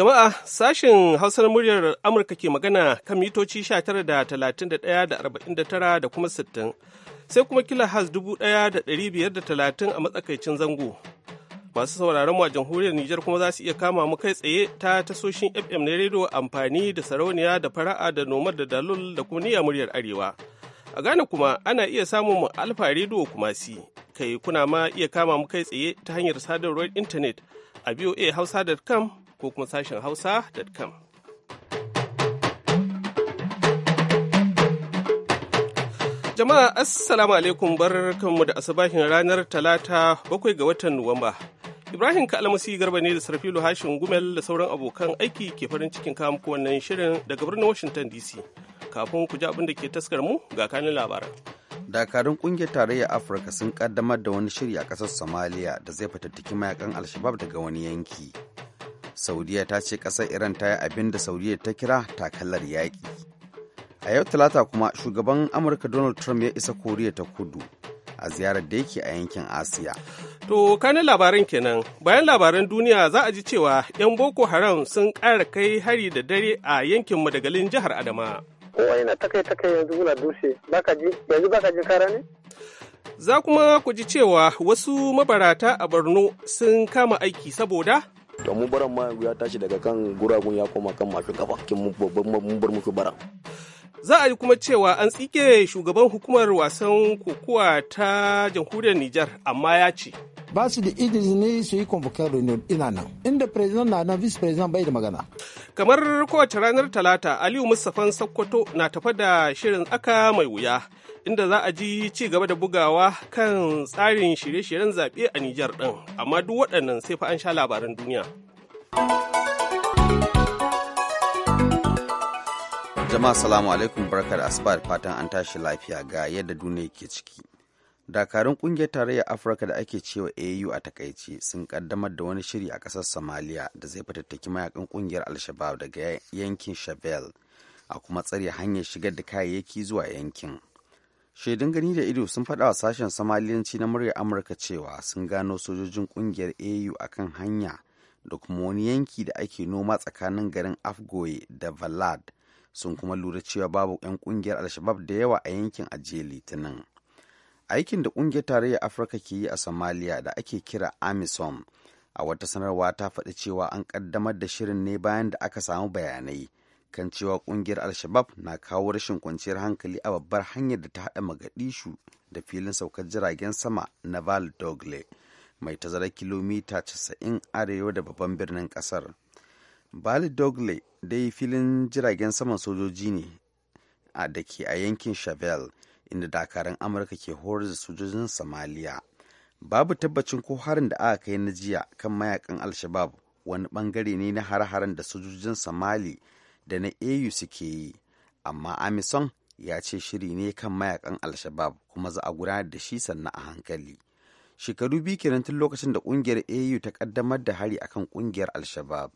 Jama'a sashen Hausar muryar Amurka ke magana kan mitoci 19 da kuma 60 sai kuma kila kilahas 1530 a matsakaicin zango. Masu sauraron mu a jamhuriyar Nijar kuma za su iya kama mu kai tsaye ta tasoshin FM na rediyo amfani da sarauniya da fara'a da nomar da dalul da kuma niyya muryar Arewa. A Ghana kuma ana iya samun mu alfa rediyo kuma si kai kuna ma iya kama mu kai tsaye ta hanyar sadarwar intanet a voahausa.com ko kuma sashen hausa.com. Jama'a Assalamu alaikum bar da asabahin ranar talata bakwai ga watan Nuwamba. Ibrahim Kalmasi Garba ne da Sarfilu Hashin Gumel da sauran abokan aiki ke farin cikin kawo wannan shirin daga birnin Washington DC. Kafin ku ji abin da ke taskar mu ga kanin labaran. Dakarun kungiyar tarayyar Afirka sun kaddamar da wani shiri a ƙasar Somalia da zai fatattaki mayakan Alshabab daga wani yanki. saudiya ta ce ƙasar iran ta yi abin da saudiya ta kira takalar yaƙi a yau talata kuma shugaban amurka donald trump ya isa koriya ta kudu a ziyarar da yake a yankin asiya to kanin labaran kenan bayan labaran duniya za a ji cewa 'yan boko haram sun kara kai hari da dare a yankin madagalin jihar adama za kuma ku ji cewa wasu mabarata a borno sun kama aiki saboda to mu baran ma ya tashi daga kan guragun ya koma kan masu kafa kin mu babban mun bar muku baran Za a yi kuma cewa an tsike shugaban hukumar wasan kokowa ta jamhuriyar Nijar amma ya ce. Ba su da izini su yi convocar reunion ina nan. Inda president na nan vice president bai da magana. Kamar kowace ranar Talata, Aliyu Mustafan Sokoto na tafa da shirin aka mai wuya. Inda za a ji ci gaba da bugawa kan tsarin shirye-shiryen zaɓe a Nijar ɗin, amma duk waɗannan sai fa an sha labaran duniya. Jama'a salamu alaikum barkar asuba da fatan an tashi lafiya ga yadda duniya ke ciki. Dakarun kungiyar tarayyar Afirka da ake cewa AU a takaice sun kaddamar da wani shiri a kasar Somalia da zai fatattaki mayakan kungiyar Alshabab daga yankin shabel a kuma tsare hanyar shigar da kayayyaki zuwa yankin. Shaidun gani da ido sun faɗa wa sashen Somaliyanci na muryar Amurka cewa sun gano sojojin kungiyar AU a kan hanya da kuma wani yanki da ake noma tsakanin garin Afgoye da Valad. sun kuma lura cewa babu 'yan kungiyar alshabab da yawa a yankin ajiye litinin aikin da kungiyar tarayyar afirka ke yi a somalia da ake kira amisom a wata sanarwa ta faɗi cewa an ƙaddamar da shirin ne bayan da aka samu bayanai kan cewa kungiyar alshabab na kawo rashin kwanciyar hankali a babbar hanyar da ta haɗa magadishu da filin saukar jiragen sama na val dogle mai tazara kilomita 90 arewa da babban birnin ƙasar bali dogle dai filin jiragen saman sojoji ne a da ke a yankin Shavel inda dakarun Amurka ke horar da sojojin samaliya Babu tabbacin ko harin da aka kai na jiya kan mayakan alshabab wani bangare ne na har haren da sojojin Somali da na AU suke yi, amma Amison ya ce shiri ne kan mayakan alshabab kuma za a gudanar da shi sannan a hankali. Shekaru biyu kenan tun lokacin da kungiyar AU ta kaddamar da hari akan kungiyar Al-Shabab. alshabab.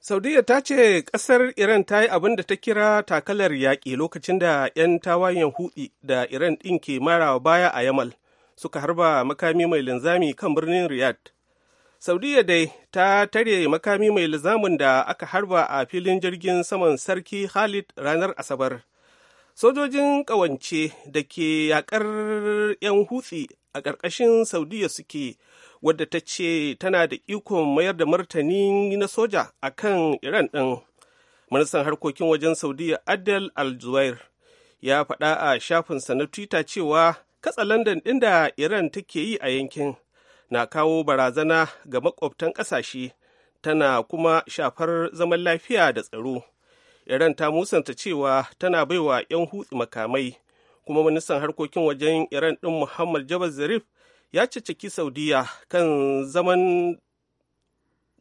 Saudiya ta ce ƙasar Iran ta yi abin da ta kira takalar yaƙi lokacin da 'yan tawayen hudi da Iran ɗin ke mara baya a Yamal suka harba makami mai linzami kan birnin Riyadh. Saudiya dai ta tare makami mai linzamin da aka harba a filin jirgin saman Sarki Khalid ranar Asabar. Sojojin ƙawance da ke yaƙar 'yan hutsi a ƙarƙashin Saudiya suke wadda ta ce tana da ikon mayar da martani na soja a kan iran ɗin ministan harkokin wajen saudiya adel al-zuwair ya faɗa a shafinsa na twitter cewa katsalandan ɗin da iran take yi a yankin na kawo barazana ga makwabtan ƙasashe tana kuma shafar zaman lafiya da tsaro iran ta musanta cewa tana baiwa 'yan hutsi makamai kuma ministan harkokin wajen iran ɗin muhammad jabal zarif ya caccaki saudiya kan zaman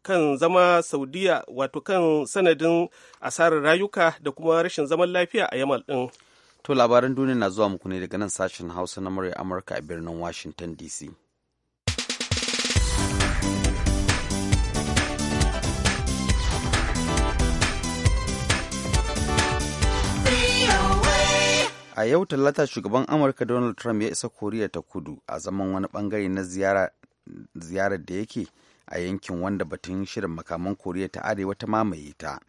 kan zama saudiya wato kan sanadin asarar rayuka da kuma rashin zaman lafiya a yamal din to labaran duniya na zuwa muku ne daga nan sashen hausa na murya amurka a birnin washington dc a yau talata shugaban amurka donald trump ya isa koriya ta kudu a zaman wani bangare na ziyarar da yake a yankin wanda batun shirin makaman koriya ta arewa ta mamaye ta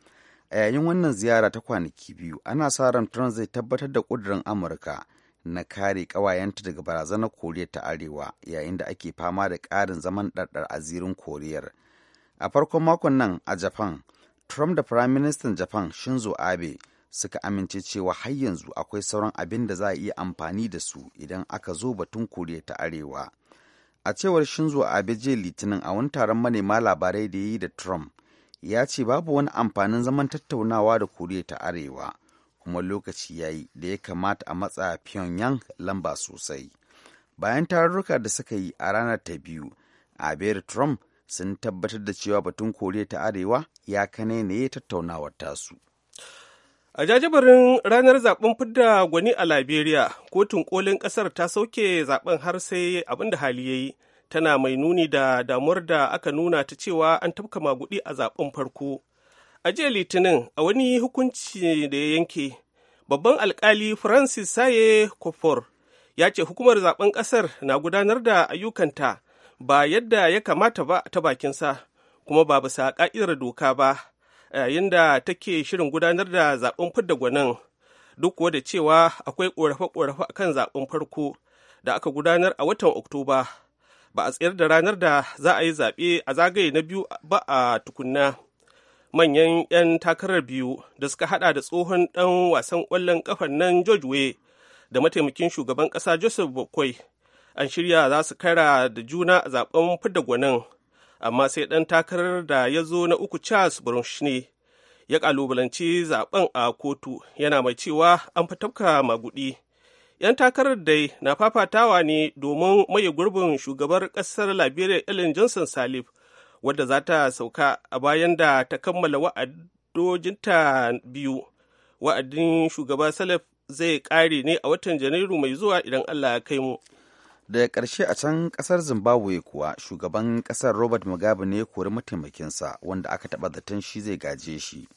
a yayin wannan ziyara ta kwanaki biyu ana sa ran trump zai tabbatar da ƙudurin amurka na kare ƙawayenta daga barazanar koriya ta arewa yayin da ake fama da ƙarin zaman ɗarɗar a zirin koriyar a farkon makon nan a japan trump da firaministan japan shinzo abe suka amince cewa har yanzu akwai sauran abin da za a iya amfani da su idan aka zo batun koriya ta arewa a cewar shinzo abe jiya litinin a wani taron manema labarai da ya yi da trump ya ce babu wani amfanin zaman tattaunawa da koriya ta arewa kuma lokaci ya yi da ya kamata a matsa pyongyang lamba sosai bayan tarurruka da suka yi a ranar ta biyu abe da trump sun tabbatar da cewa batun koriya ta arewa ya kane ne tattaunawar tasu A jajibarin ranar zaben fidda gwani a Liberia, kotun kolin kasar ta sauke zaben har sai abin da hali ya yi, tana mai nuni da damuwar da aka nuna ta cewa an tafka magudi a zaben farko. A jiya Litinin, a wani hukunci da ya yanke, babban alkali Francis Saye Kofor ya ce hukumar zaben kasar na gudanar da ayyukanta ba yadda ya kamata ba ta bakinsa, kuma ba bisa ka'idar doka ba. yayin da take shirin gudanar da zaben fidda gwanin duk kuwa da cewa akwai ƙorafe a kan zaben farko da aka gudanar a watan oktoba ba a tsayar da ranar da za a yi zaɓe a zagaye na biyu ba a tukunna manyan 'yan takarar biyu da suka hada da tsohon ɗan wasan ƙwallon ƙafar nan george way da mataimakin shugaban ƙasa joseph bokoi an shirya za su kara da juna a zaben fidda gwanin amma sai ɗan takarar da ya zo na uku charles ne ya ƙalubalanci zaɓen a kotu yana mai cewa an tafka magudi yan takarar dai na fafatawa ne domin maye gurbin shugabar ƙasar liberia ellen johnson salif wadda za ta sauka a bayan da ta kammala wa'adojinta biyu wa'adin shugaba salif zai ƙare ne a watan janairu mai zuwa idan allah ya kai mu daga ƙarshe a can ƙasar zimbabwe kuwa shugaban ƙasar robert mugabe ne ya kori mataimakinsa wanda aka taɓa zaton shi zai gaje shi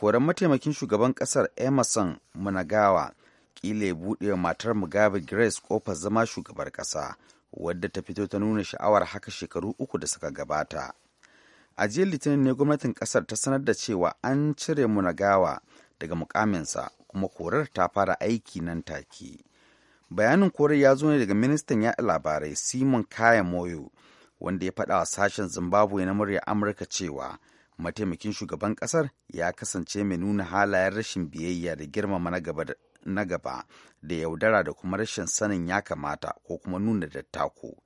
koren mataimakin shugaban ƙasar emerson munagawa ƙila ya buɗe matar mugabe grace kofar zama shugabar ƙasa wadda ta fito ta nuna sha'awar haka shekaru uku da suka gabata a jiya litinin ne gwamnatin ƙasar ta sanar da cewa an cire munagawa daga mukaminsa kuma korar ta fara aiki nan take bayanin korar ya zo ne daga ministan yaɗa labarai simon kaya moyo wanda ya faɗa wa sashen zimbabwe na murya amurka cewa mataimakin shugaban ƙasar ya kasance mai nuna halayen rashin biyayya da girmama na gaba da yaudara da kuma rashin sanin ya kamata ko kuma nuna dattako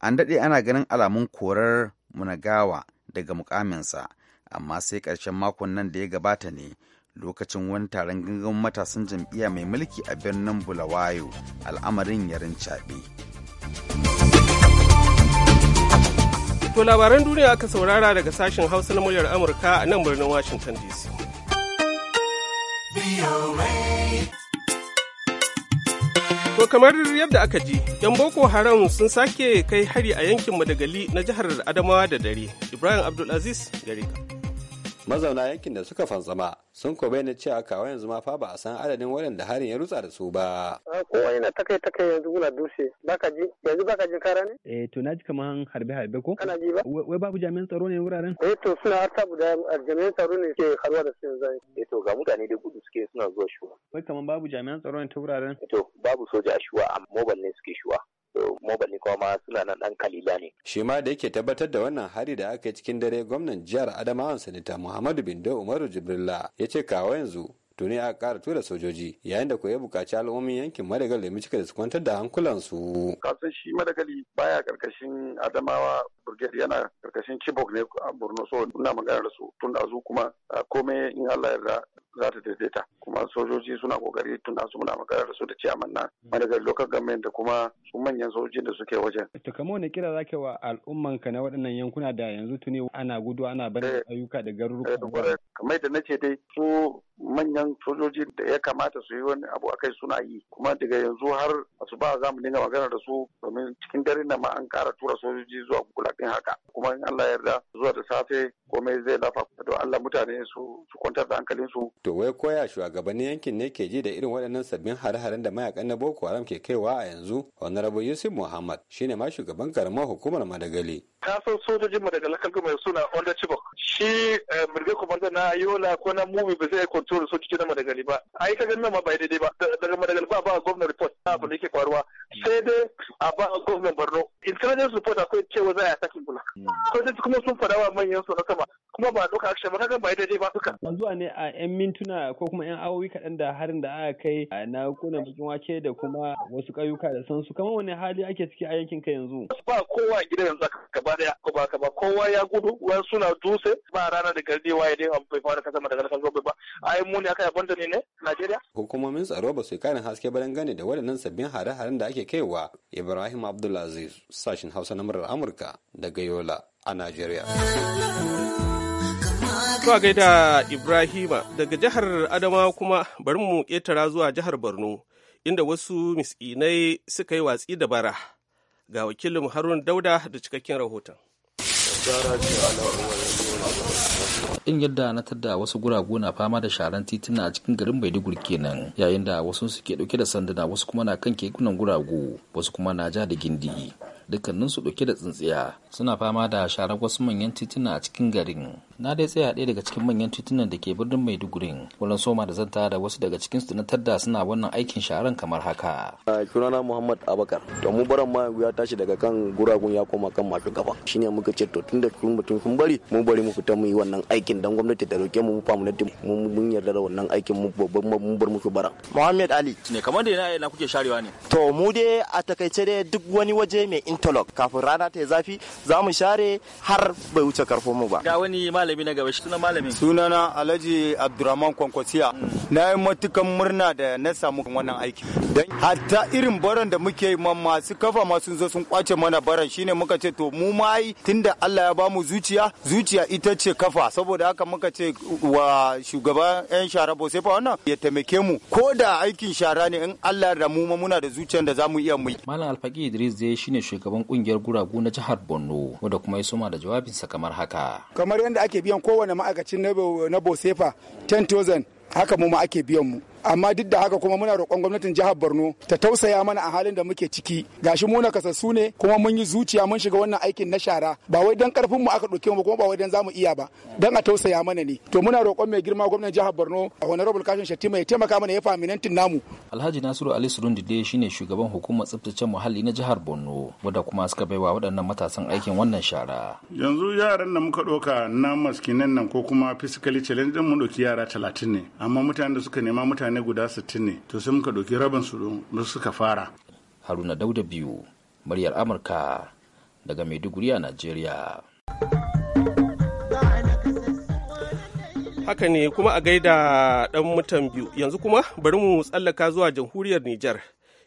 an daɗe ana ganin alamun korar munagawa daga mukaminsa amma sai ƙarshen makon nan da ya gabata ne lokacin wani taron gangan matasan jam'iyya mai mulki a birnin bulawayo al'amarin ya rincaɓe. to labaran duniya aka saurara daga sashen hausa na muryar amurka a nan birnin washington dc To kamar yadda aka ji, 'yan Boko Haram sun sake kai hari a yankin Madagali na jihar Adamawa da dare. Ibrahim Abdulaziz Garika. mazauna yankin da suka fantsama sun ko bayyana cewa kawo yanzu ma fa ba a san adadin waɗanda harin ya rutsa da su ba. kowa yana takai takai yanzu kuna dutse baka ji yanzu baka ji kara ne. eh to na ji kaman harbe harbe ko. kana ji ba. wai babu jami'an tsaro ne wuraren. eh to suna har tabu da jami'an tsaro ne ke harwa da su yanzu. eh to ga mutane da gudu suke suna zuwa shuwa. wai kaman babu jami'an tsaro ne ta wuraren. Eh, to babu soja a shuwa amma mobile ne suke shuwa. Mobali kuma suna nan ɗan kalila ne. Shi ma da yake tabbatar da wannan hari da aka yi cikin dare gwamnan jihar Adamawa Sanita Muhammadu Bindo Umaru Jibrilla ya ce kawo yanzu tuni aka ƙara tura sojoji yayin da kuwa ya buƙaci al'ummin yankin madagali da cika da su kwantar da hankulansu. kasan shi madagali baya karkashin adamawa brigade yana karkashin chibok ne a borno so ina magana da su tun da kuma komai in allah yarda za ta daidaita. kuma sojoji suna kokari tunda su muna magana da su da ciyaman nan hmm. manajar local government da kuma su manyan sojojin da suke wajen. To kamar wani kira zaka wa al'umman ka na waɗannan yankuna da yanzu tuni ana gudu ana barin eh. ayyuka da garuruka. Eh, kamar yadda nace dai su manyan sojoji da ya kamata su yi wani abu a kai suna yi kuma daga yanzu har su ba za mu dinga magana da su domin cikin dare na ma an kara tura sojoji zuwa din haka kuma in Allah ya yarda zuwa da safe komai zai lafa don Allah mutane su kwantar da hankalin su. To wai koya shugaban shugabannin yankin ne ke ji da irin waɗannan sabbin hare-haren da mayakan na Boko Haram ke kaiwa a yanzu. Honorable Yusuf Muhammad shine ma shugaban karamar hukumar Madagali. Ka sojojin Madagali kan mai suna Onda Chibok. Shi eh, mirgin Komanda na Yola ko na mubi ba zai kontrol sojojin na Madagali ba. Ai ka ganin ma ba daidai ba. Daga Madagali ba ba gwamna report na abu da yake faruwa. Sai dai a ba gwamnan Borno. Intelligence report akwai cewa za a yi attacking Bula. Hmm. kuma sun faɗa wa manyan su na sama. kuma ba ɗauka action ba kaga ba daidai ba duka. An zuwa ne a 'yan mintuna ko kuma 'yan awowi kaɗan da harin da aka kai na kuna bikin wake da kuma wasu ƙauyuka da sansu kamar wani hali ake ciki a yankin ka yanzu. Ba kowa gidan yanzu gaba ba ko ba ba kowa ya gudu wani suna dutse ba rana da gardi waye dai an bai fara kasama daga kan gobe ba ai mu ne aka yaban da ne ne Najeriya. Hukumomin tsaro ba su karin haske ba gane da waɗannan sabbin hare-haren da ake kaiwa Ibrahim Abdulaziz sashin Hausa na murar Amurka daga Yola a Najeriya. To gaida Ibrahima daga jihar Adama kuma bari mu ƙetara zuwa jihar Borno inda wasu misinai suka yi watsi da bara. Ga wakilin Harun Dauda da cikakken rahoton. in yadda na tadda wasu guragu na fama da sharan tituna a cikin garin maiduguri kenan yayin da wasu suke dauke da sanduna wasu kuma na kan kekunan guragu wasu kuma na ja da gindi dukkaninsu dauke da tsintsiya suna fama da sharar wasu manyan tituna a cikin garin na dai tsaya ɗaya daga cikin manyan titunan da ke birnin maiduguri wurin soma da zanta da wasu daga cikin su na tadda suna wannan aikin sharan kamar haka sunana muhammad abakar to mu baran ma ya tashi daga kan guragun ya koma kan masu gaba shine muka ce to tunda kun mutum sun bari mu bari mu fita mu yi wannan aikin dan gwamnati da roke mu mu famu na mun yarda da wannan aikin mu babban mun bar muku bara muhammad ali ne kamar da na kuke sharewa ne to mu dai a takaice dai duk wani waje mai interlock kafin rana ta yi zafi za mu share har bai wuce karfin mu ba ga wani malami na gaba suna malami sunana alhaji abdurrahman kwankwasiya na yi matukan murna da na samu wannan aiki don hatta irin baran da muke yi ma masu kafa ma zo sun kwace mana baran shine muka ce to mu ma yi tunda Allah ya bamu zuciya zuciya ita ce kafa saboda haka muka ce wa shugaban yan shara sai fa wannan ya taimake mu ko da aikin shara ne in Allah da mu muna da zuciyar da zamu iya mu malam alfaki idris zai shine shugaban kungiyar guragu na jihar borno wanda kuma ya soma da jawabinsa kamar haka kamar yadda ake biyan kowane ma'aikacin na bosefa 10,000 haka mu ma ake biyan mu amma duk da haka kuma muna roƙon gwamnatin jihar borno ta tausaya mana a halin da muke ciki gashi mu nakasassu ne kuma mun yi zuciya mun shiga wannan aikin na shara ba wai dan karfin mu aka ɗauke mu kuma ba wai dan zamu iya ba dan a tausaya mana ne to muna roƙon mai girma gwamnatin jihar borno a honorable kashin shattima ya taimaka mana ya faminantin namu alhaji nasiru ali surundide shine shugaban hukumar tsaftace muhalli na jihar borno wanda kuma suka bai wa waɗannan matasan aikin wannan shara yanzu yaran da muka ɗauka na maskinan nan ko kuma physically challenge din mun ɗauki yara talatin ne amma mutanen da suka nema mutane mutane guda 60 ne to sai muka ɗauki rabin su suka fara haruna dauda biyu muryar amurka daga maiduguri a najeriya haka ne kuma a gaida dan mutan biyu yanzu kuma bari mu tsallaka zuwa jamhuriyar Nijar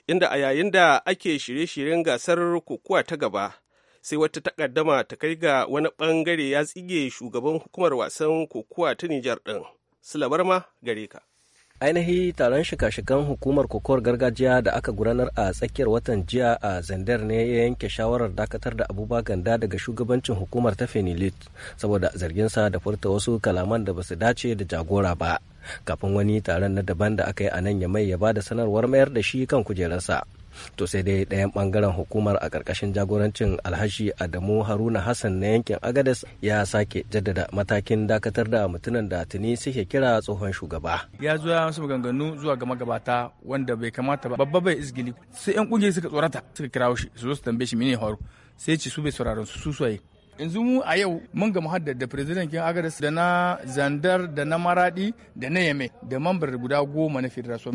inda a yayin da ake shirye-shiryen gasar kokowa ta gaba sai wata takaddama ta kai ga wani bangare ya tsige shugaban hukumar wasan kokowa ta Nijar ɗin Silabar ma gare ka. ainihi taron shika-shikan hukumar kokowar gargajiya da aka gudanar a tsakiyar watan jiya a zandar ne ya yanke shawarar dakatar da abubakar ganda daga shugabancin hukumar ta fenilit saboda zarginsa da furta wasu kalaman da basu dace da jagora ba kafin wani taron na daban da aka yi a nan ya mai ya ba da sanarwar mayar da shi kan kujerarsa to sai dai ɗayan ɓangaren hukumar a ƙarƙashin jagorancin alhashi adamu haruna hassan na yankin agadas ya sake jaddada matakin dakatar da mutunan da tuni suke kira tsohon shugaba ya zo ya masu maganganu zuwa ga magabata wanda bai kamata ba babba bai isgili sai yan kungiyar suka tsorata suka kira shi su zo su tambaye shi mene horo sai ci su bai sauraron su su yanzu mu a yau mun gama haddar da president kin agadas da na zandar da na maradi da na yame da mambar guda goma na federation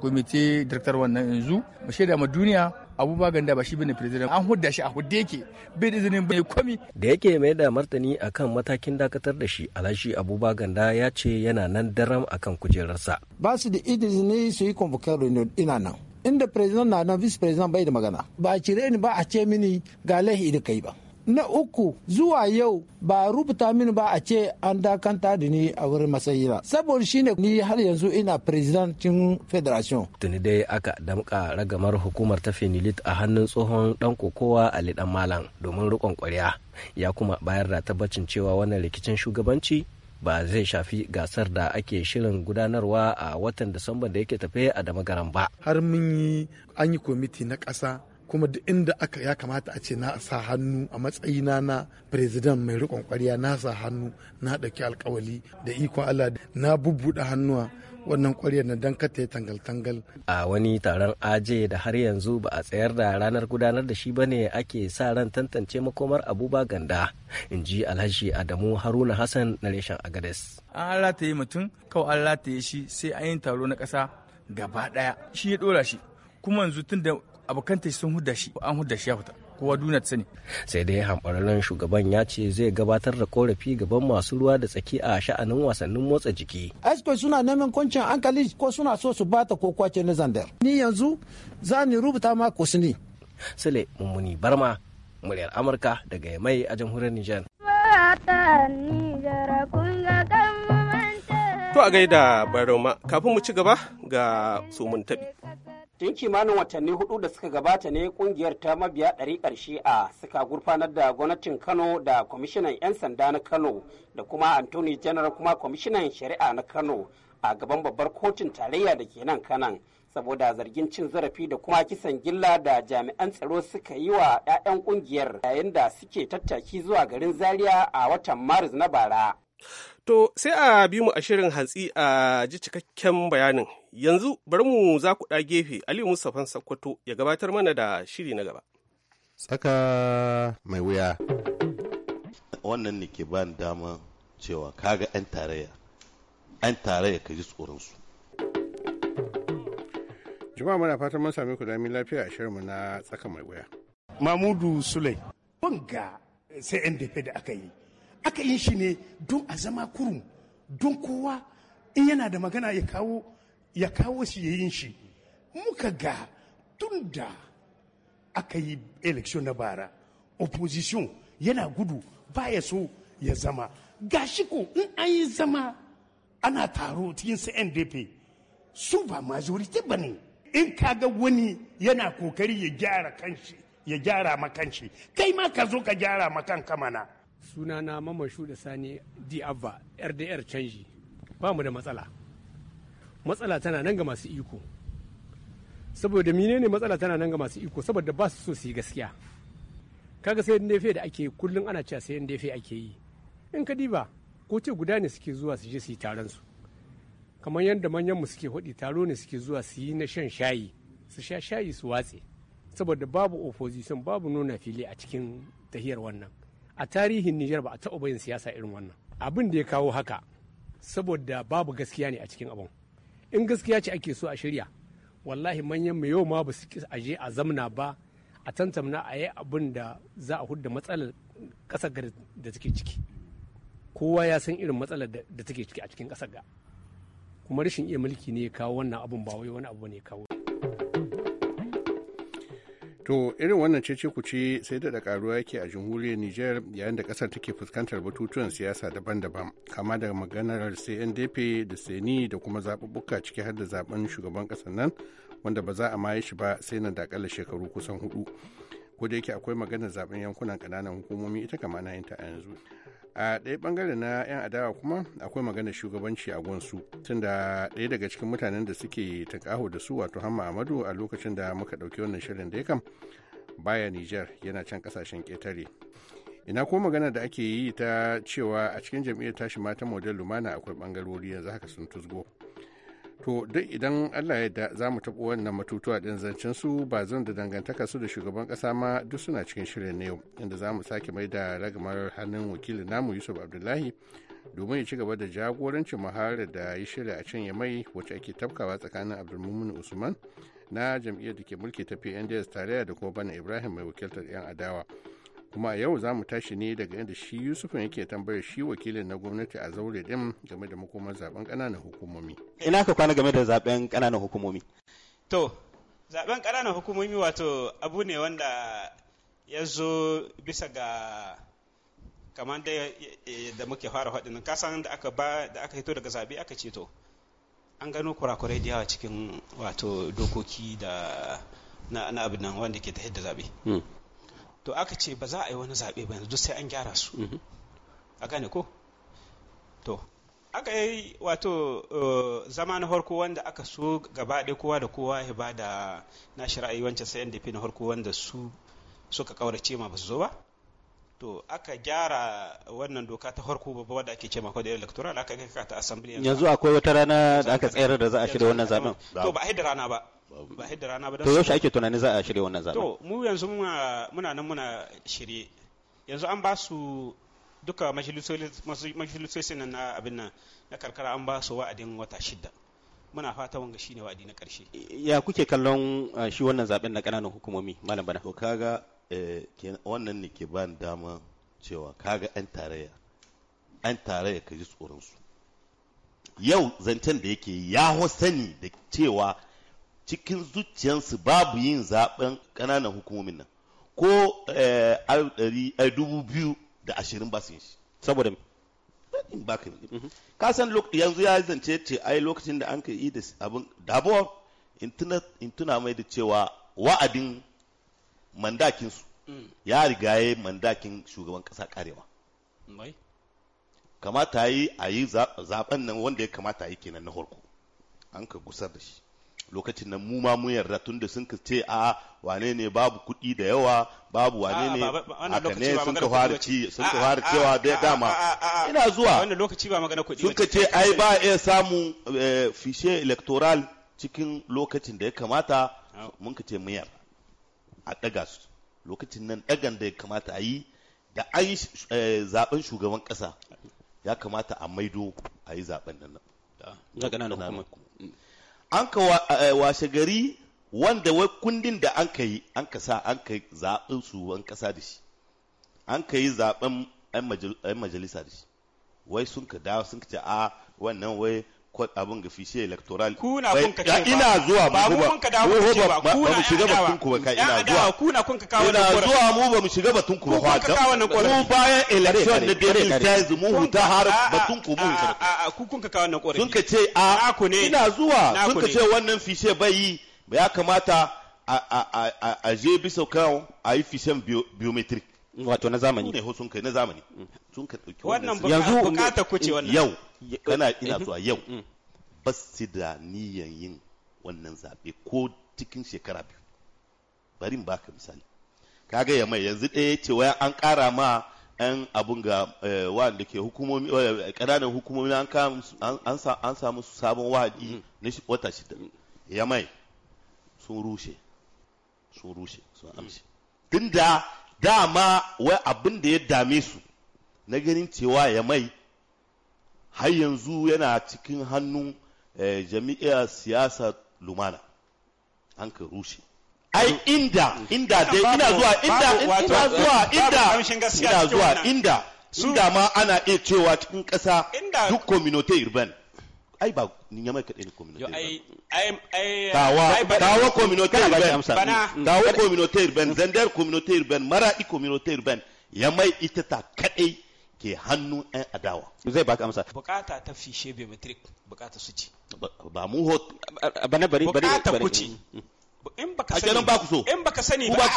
komite daktar wannan yanzu mu shaida ma duniya abubuwa ganda ba shi bane president an hudda shi a hudde yake bai da izinin bai komi da yake mai da martani akan matakin dakatar da shi alashi abubuwa ganda ya ce yana nan daram akan kujerarsa ba su da izini su yi convocation reunion ina nan inda president na nan vice president bai da magana ba a cire ni ba a ce mini ga laihi da kai ba na uku zuwa yau ba rubuta mini ba a ce an dakanta da ni a wurin ba saboda shine ni har yanzu ina presidentin federation tuni dai aka damka ragamar hukumar ta fenilit a hannun tsohon dan kokowa ali dan malam domin rikon kwarya ya kuma bayar da tabbacin cewa wannan rikicin shugabanci ba zai shafi gasar da ake shirin gudanarwa a watan disamba da yake tafe a damagaran ba har mun yi an yi kwamiti na ƙasa kuma duk inda aka ya kamata a ce na sa hannu a matsayina na president mai rikon kwarya na sa hannu na ɗauki alkawali da ikon Allah na bubbuɗe hannuwa wannan kwaryar na don kata ya tangal-tangal. A wani taron aje da har yanzu ba a tsayar da ranar gudanar da shi bane ake sa ran tantance makomar abuba ganda in ji alhaji Adamu Haruna Hassan na reshen Agades. An rataye mutum kawai an rataye shi sai an yi taro na kasa gaba ɗaya shi ya ɗora shi kuma yanzu tun da abokan ta sun hudda shi an hudda shi ya fita kowa duniya ta sani sai dai hamɓararren shugaban ya ce zai gabatar da korafi gaban masu ruwa da tsaki a sha'anin wasannin motsa jiki asko suna neman kwancin hankali ko suna so su bata ko kwace na zandar ni yanzu za ni rubuta ma ne sule mummuni barma muryar amurka daga mai a jamhuriyar nijar To a gaida baroma kafin mu ci gaba ga sumun taɓi. Tun kimanin watanni hudu da suka gabata ne kungiyar ta mabiya ɗari ƙarshe a suka gurfanar da gwamnatin Kano da kwamishinan 'yan sanda na Kano da kuma Anthony General kuma kwamishinan shari'a na Kano a gaban babbar kotun tarayya da ke nan kanan saboda zargin cin zarafi da kuma kisan gilla da jami'an tsaro suka yi wa 'ya'yan kungiyar yayin da suke tattaki zuwa garin zaria a watan maris na bara. To sai a bi mu a shirin hantsi a ji cikakken bayanin yanzu bari mu za ku ɗa gefe Ali mustapha sakkwato ya gabatar mana da shiri na gaba tsaka mai wuya wannan ne ke bani dama cewa kaga 'yan tarayya 'yan tarayya ka ji tsoronsu Juma'a muna fatan mun sami ku lafiya a shirinmu na tsaka mai wuya. Mamudu Sulai. ga sai NDP da aka yi. Aka yi shi ne don a zama kurum don kowa in yana da magana ya kawo ya kawo shi ya yin shi muka ga tun da aka yi election na bara opposition yana gudu ba ya so ya zama gashi ko in an yi zama ana taro cikin ndp su ba majority ba ne in ga wani yana kokari ya gyara kanshi ya gyara makanshi kai ma ka zo ka gyara makan kamana. sunana mamashu da sani di abba rdr canji ba mu da matsala matsala tana nan ga masu iko saboda menene matsala tana nan ga masu iko saboda ba su so su yi gaskiya kaga sai dafe da ake kullum ana cewa sai dafe ake yi in ka diba ko ce guda ne suke zuwa su je su yi taron su kamar yadda manyan mu suke hudi taro ne suke zuwa su yi na shan shayi su sha shayi su watse saboda babu opposition babu nuna fili a cikin tahiyar wannan a tarihin Nijar ba a taɓa yin siyasa irin wannan abin da ya kawo haka saboda babu gaskiya ne a cikin abin in gaskiya ce ake so a shirya wallahi manyan mu yau ma ba su aje a zamna ba a tantamna a yi abin da za a hudda matsalar ƙasar da take ciki kowa ya san irin matsalar da take ciki a cikin ƙasar ga kuma rashin iya mulki ne ya kawo wannan abun ba wai wani abu ne ya kawo To irin wannan cece ce sai da karuwa yake a jamhuriyar Nijar yayin da kasar take fuskantar batutuwan siyasa daban-daban kama daga maganar CNDP da Seni da kuma zaɓuɓɓuka ciki har da zaɓen shugaban ƙasar nan wanda ba za a maye shi ba sai nan da shekaru kusan hudu. Ko da yake akwai maganar zaben yankunan ƙananan hukumomi ita kama na yin a yanzu. a ɗaya bangare na 'yan adawa kuma akwai magana shugabanci a gonsu tunda ɗaya daga cikin mutanen da suke takaho da su wato hamma amadu a lokacin da muka ɗauki wannan shirin da ya kam baya nijar yana can ƙasashen ƙetare ina ko magana da ake yi ta cewa a cikin jam'iyyar tashi mata model lumana akwai bangarori yanzu haka sun tusgo to duk idan allah ya da za mu taɓa wannan matutuwa ɗin zancen su ba zan da dangantaka su da shugaban ƙasa ma duk suna cikin shirin na yau inda za mu sake mai da ragamar hannun wakilin namu yusuf abdullahi domin ya ci gaba da jagorancin mahara da ya shirya a can ya mai wacce ake tafkawa tsakanin abdulmumin usman na jam'iyyar da ke mulki ta pnds tarayya da kuma bana ibrahim mai wakiltar 'yan adawa kuma a yau za mu tashi ne daga yadda shi Yusuf yake tambayar shi wakilin na gwamnati a zaure din game da makoman zaben ƙananan hukumomi ina ka kwana game da zaben ƙananan hukumomi to zaben ƙananan hukumomi wato abu ne wanda ya zo bisa ga kamar da eh, eh, da muke fara faɗin kasan da aka ba da aka hito daga zabe aka ce to an gano kurakurai da yawa cikin wato dokoki da na abin nan wanda ke ta da zabe hmm. to aka ce ba za a yi wani zaɓe ba yanzu sai an gyara su mhm. a gane ko to aka yi wato uh, zama na harko wanda aka so gaba ɗaya kowa da kowa ya ba da na ra'ayi wancan sai ndp na harko wanda su suka kaurace ma ba su zo ba to aka gyara wannan doka ta harko babba wadda ake ce mako da electoral aka kai ta assembly yanzu akwai wata rana da aka tsayar da za a shirya wannan zaben to ba a yi da rana ba ba hidda rana ba to yaushe ake tunanin za a shirya wannan zaɓen. to mu yanzu muna nan muna shirye yanzu an ba su duka majalisoci nan na abin nan na karkara an ba su wa'adin wata shida muna fata wanga shine wa'adi na karshe ya kuke kallon uh, shi wannan zaɓen na ƙananan hukumomi malam bana to kaga eh, wannan ne ke ba ni dama cewa kaga an tarayya an tarayya ka ji tsoron su yau zancen da yake ya sani da cewa cikin zuciyansu babu yin zaben ƙananan hukumomin nan ko eh, a eh, dubu biyu da ashirin ba su yin shi saboda in ba ka mhm. ka san yanzu ya zance ce ai lokacin da an ka yi da abin damuwa in tuna mai da cewa wa'adin mandakinsu mm. ya riga ya mandakin shugaban kasa karewa kamata yi a yi zaben nan wanda ya kamata yi kenan na horko an ka gusar da shi lokacin nan mu ma mun yarda tun da sun ce a wane ne babu kuɗi da yawa babu wane ne haka ne sun ka fara ci sun ka fara cewa da dama ina zuwa wannan lokaci ba magana kuɗi sun ka ce ai ba iya samu eh, fishe electoral cikin lokacin da ya kamata mun ka ce miyar a ɗaga su lokacin nan ɗagan da ya kamata a yi da an eh, zaben shugaban ƙasa ya kamata a maido a yi zaben nan na ƙananan hukumar an ka eh, washe gari wanda wai kundin da an ka yi an ka sa an ka zaɓin wani ƙasa da shi an ka yi zaɓen 'yan majalisa da shi wai sun ka dawo sun ka ce a ah, wannan wai abin ga fishe electoral kuna kun ka ce ina zuwa ba mu ba ka dawo ba ba mu shiga batun ku ba kai ina zuwa kuna kun ka kawo ina zuwa mu ba mu shiga batun ku ba mu bayan election na 2010 mu huta har batun ku mu a ku kun ka kawo nan korafi sun ka ce a ina zuwa sun ka ce wannan fishe bai yi ya kamata a a a a je bisa kawo a yi fishen biometric wato na zamani ne hosun kai na zamani sun ka dauki wannan yanzu bukata ku ce wannan yau mm. Mm. kana ina mm. zuwa yau Bas da niyan yin wannan zabe ko cikin shekara biyu bari baka misali kaga ya mai yanzu ɗaya ce waya an ƙara ma an abun ga eh, wanda ke hukumomi eh, ƙananan hukumomi an samu sabon wa'adi na wata shida ya mai sun rushe sun rushe sun amshi tunda dama wai abin da ya dame su na ganin cewa ya mai har yanzu yana cikin hannun eh, jami'ar siyasa lumana an ka rushe ai inda inda dai ina zuwa inda ina zuwa inda ina zuwa inda inda ma ana iya cewa cikin ƙasa duk communauté urbaine ai ba nyama ka kaɗai ne yo ai ai dawa dawa community ben mm. dawa community ben zandar community ben maradi community ben ya mai ita ta kaɗai ke hannu ɗan adawa zai baka amsa bukata ta fishe biometric bukata su ci. ba mu hot bana bari bari bukata ku ci. Mm. baka sani ba ku so in baka sani ba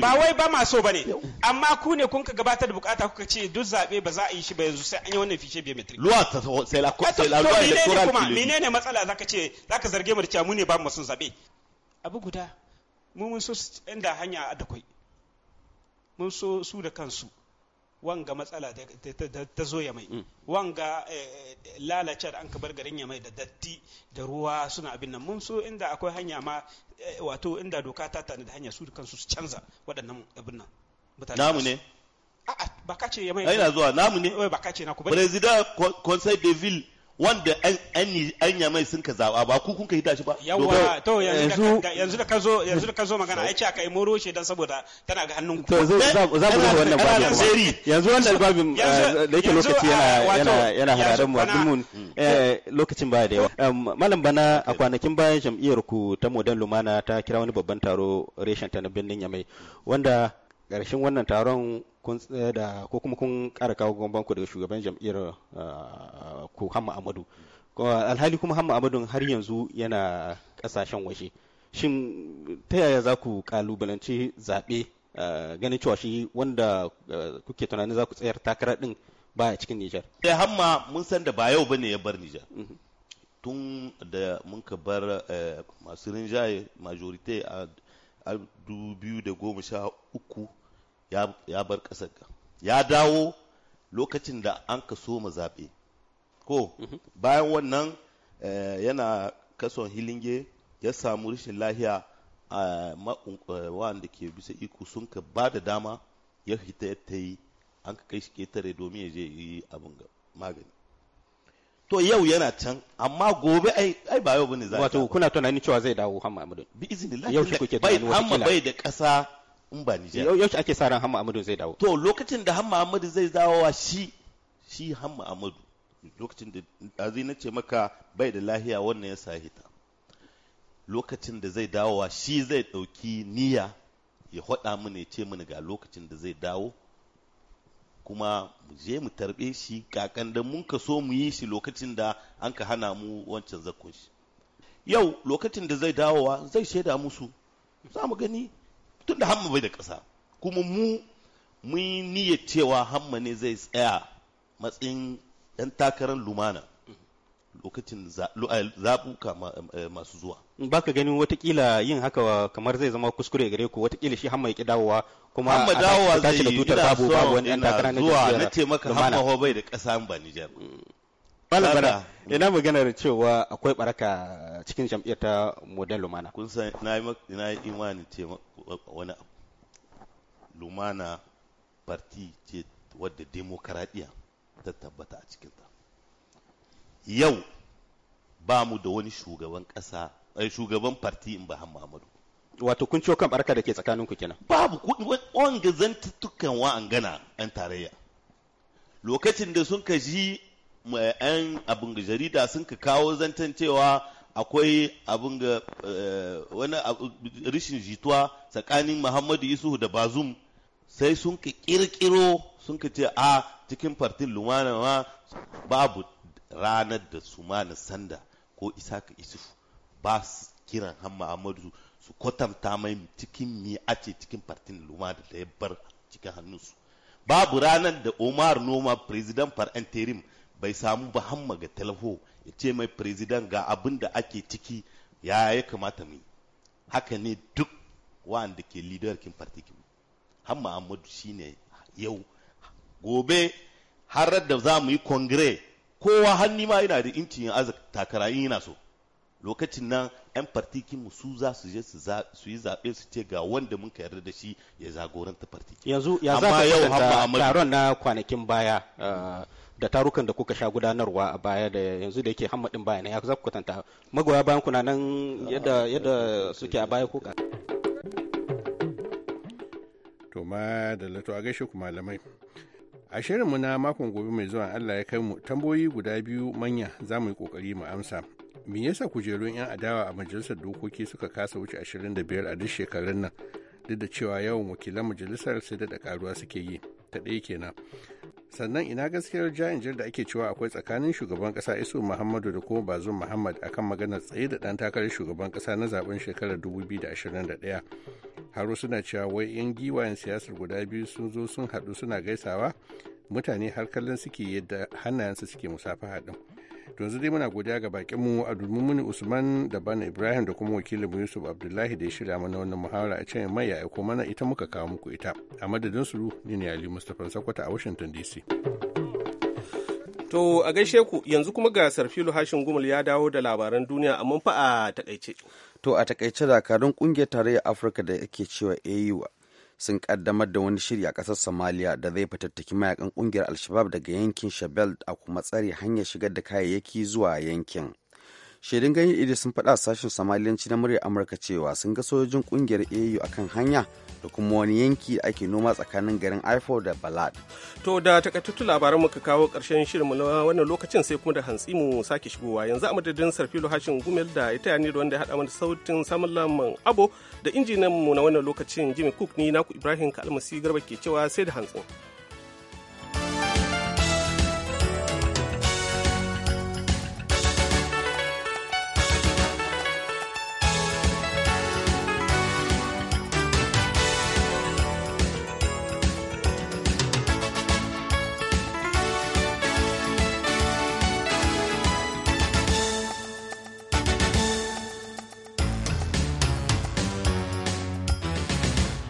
ba wai ba ma so bane amma ku ne kun ka gabatar da bukata kuka ce duk zabe ba za a yi shi ba yanzu sai an yi wannan fice biometric loi c'est la c'est la loi ne kuma menene matsala zaka ce zaka zarge mu da cewa mu ne ba mu son zabe abu guda mu mun so inda hanya a da kai mun so su da kansu wanga matsala ta zo ya mai mm. wanga eh, lalacar an ka bar garin ya mai da datti da ruwa suna abin nan mun so inda akwai hanya ma eh, wato inda doka ta tana da hanya su kansu su canza waɗannan abin nan namu ne a'a ba ce ya mai ina zuwa namu ne ba ka ce na ku bari. president conseil de ville wanda an mai sun ka zaɓa ba ku kun ka hita shi ba to yanzu da ka zo yanzu da magana ai ce aka yi moro shi dan saboda tana ga hannun ku to za mu wannan babin yanzu wanda eh, babin da yake lokaci yana yana yana hararin mu eh, lokacin baya da yawa um, malam bana a kwanakin bayan jam'iyyar ku ta modern lumana ta kira wani babban taro reshen ta na birnin yamai wanda ƙarshen wannan taron kun da ko kuma kun ƙara kawo gwamban ku daga shugaban jam'iyyar ah, ku hamma amadu alhali kuma hamma amadu har yanzu yana kasashen waje shin ta yaya za ku ƙalubalanci zaɓe ah, ganin cewa shi wanda ah, kuke tunanin za ku tsayar takara ɗin a cikin nijar sai eh, hamma mun san da ba yau bane ya bar nijar mm-hmm. tun da mun ka bar eh, masu rinjaye majorite a 2013 ya bar ƙasar ya dawo lokacin da an ka so mu zaɓe ko mhm. bayan wannan eh, yana kason hilinge ya samu rashin lahiya a eh, wanda ke bisa iko sun ka ba da dama ya hita ya ta yi an ka kai shi ketare domin ya je yi abin magani to yau yana can amma gobe ai ba yau bane za wato kuna tunanin cewa zai dawo hamma amadu bi izini lafiya bai da ƙasa in ba Nijar. Yau yaushe ake sa ran Hamma Amadu zai dawo. To lokacin da Hamma Amadu zai dawowa shi shi Hamma Amadu lokacin da azi na ce maka bai da lahiya wannan ya sa hita. Lokacin da zai dawowa shi zai ɗauki niyya ya hada mana ya ce mana ga lokacin da zai dawo kuma mu je mu tarbe shi kakan da mun ka so mu yi shi lokacin da an ka hana mu wancan zakon shi. Yau lokacin da zai dawowa zai shaida musu za mu gani tun da hamma bai da ƙasa kuma mu mun niyyar cewa hamma ne zai tsaya matsayin ɗan takarar lumana lokacin eh, zaɓuka eh, masu zuwa. Ba ka ganin watakila yin haka kamar zai zama kuskure gare ku watakila shi hamma yake dawowa kuma hamma dawowa zai yi babu babu wani na zuwa na ce maka hamma bai da ƙasa ba Nijar. Mm. Malam Bala, ina maganar cewa akwai baraka cikin jam'iyyar ta Model Lumana. Kun san na yi imani ce wani Lumana parti ce wadda demokaradiyya ta tabbata a cikinta. Yau ba mu da wani shugaban ƙasa, eh, shugaban parti in ba Muhammadu. Wato kun ciwo kan barka da ke tsakanin ku kenan. Babu wanga zantuttukan gana 'yan tarayya. Lokacin da sun ka ji 'yan abin jarida sun ka kawo zantan cewa akwai abin ga eh, wani rishin jituwa tsakanin muhammadu yusuf da bazum sai sun ka kirkiro sun ka ce a cikin fartin lumana ma babu ranar da su na sanda ko isaka isufu ba su kiran han muhammadu su kwatanta mai cikin mi a ce cikin fartin lumana da ya bar cikin hannunsu babu ranar da omar noma president for interim bai samu ba hamma ga talho ya ce mai president ga abin da ake ciki ya ya kamata mu haka ne duk wanda ke leader kin party hamma Ahmadu shine yau gobe har da za mu yi kongire kowa hannu ma yana da inci yin aza takara in yana so lokacin nan 'yan partikin mu su za su yi zaɓe su ce ga wanda mun yarda da shi ya zagoranta partiki yanzu ya za ka taron na kwanakin baya eh, da tarukan da kuka sha gudanarwa a baya da yanzu da yake hammadin bayanai ya za ku kwatanta magoya bayan kuna nan yadda suke a baya kuka to ma da lato a gaishe ku malamai a shirinmu na makon gobe mai zuwa Allah ya kai mu tamboyi guda biyu manya za mu yi kokari mu amsa me yasa kujerun 'yan adawa a majalisar dokoki suka kasa wuce 25 a duk shekarun nan duk da cewa yawan wakilan majalisar sai da karuwa suke yi ta kenan sannan ina gaskiyar jayin jir da ake cewa akwai tsakanin shugaban kasa iso muhammadu da kuma bazum muhammad akan maganar tsaye da ɗan takarar shugaban kasa na zaben shekarar 2021 haro suna cewa wai yan giwayen siyasar guda biyu sun zo sun haɗu suna gaisawa mutane har kallon suke yadda hannayensu suke musafaha din to yanzu dai muna godiya ga bakinmu a muni usman da bana ibrahim da kuma wakilinmu yusuf abdullahi da ya shirya mana wannan muhawara a can mai ya aiko mana ita muka kawo muku ita a madadin su ni ne ali mustapha sakwata a washington dc to a gaishe ku yanzu kuma ga sarfilu hashin gumul ya dawo da labaran duniya amma fa a takaice to a takaice dakarun kungiyar tarayyar afirka da yake cewa au sun kaddamar da wani shiri a ƙasar Somalia da zai fatattaki mayakan ƙungiyar Alshabab daga yankin Shabelle a kuma tsare hanyar shigar da kayayyaki zuwa yankin. shaidun ganin iri sun faɗa sashen somaliyanci na muryar amurka cewa sun ga sojojin kungiyar au a kan hanya da kuma wani yanki da ake noma tsakanin garin ifo da balad to da takaitattun labaran muka kawo ƙarshen shirinmu na wannan lokacin sai kuma da hantsi mu sake shigowa yanzu a madadin sarfilo hashin gumel da ita ya da wanda ya haɗa mana sautin samun laman abo da injinan mu na wannan lokacin jimmy cook ni naku ibrahim kalmasi garba ke cewa sai da hantsi.